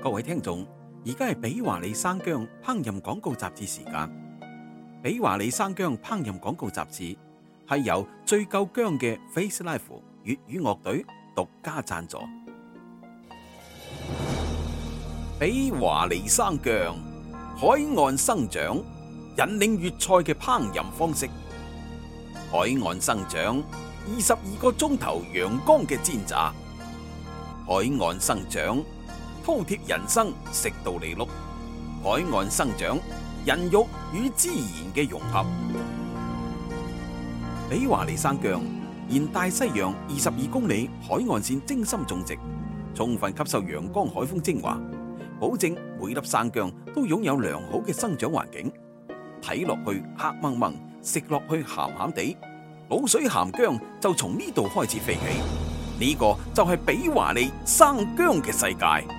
各位聽眾，而家係比華利生姜烹飪廣告雜誌時間。比華利生姜烹飪廣告雜誌係由最夠姜嘅 FACE-LIVE 粵語樂，樂隊獨家贊助。比華利生姜，海岸生長，引領粵菜嘅烹飪方式。海岸生長，二十二個鐘頭陽光嘅煎炸。海岸生長。饕餮人生食到你碌，海岸生長，人肉與孜然嘅融合。比華利生姜沿大西洋二十二公里海岸線精心種植，充分吸收陽光海風精華，保證每粒生姜都擁有良好嘅生長環境。睇落去黑掹掹，食落去咸咸地，滷水咸姜就從呢度開始飛起。呢、呢個就係比華利生姜嘅世界。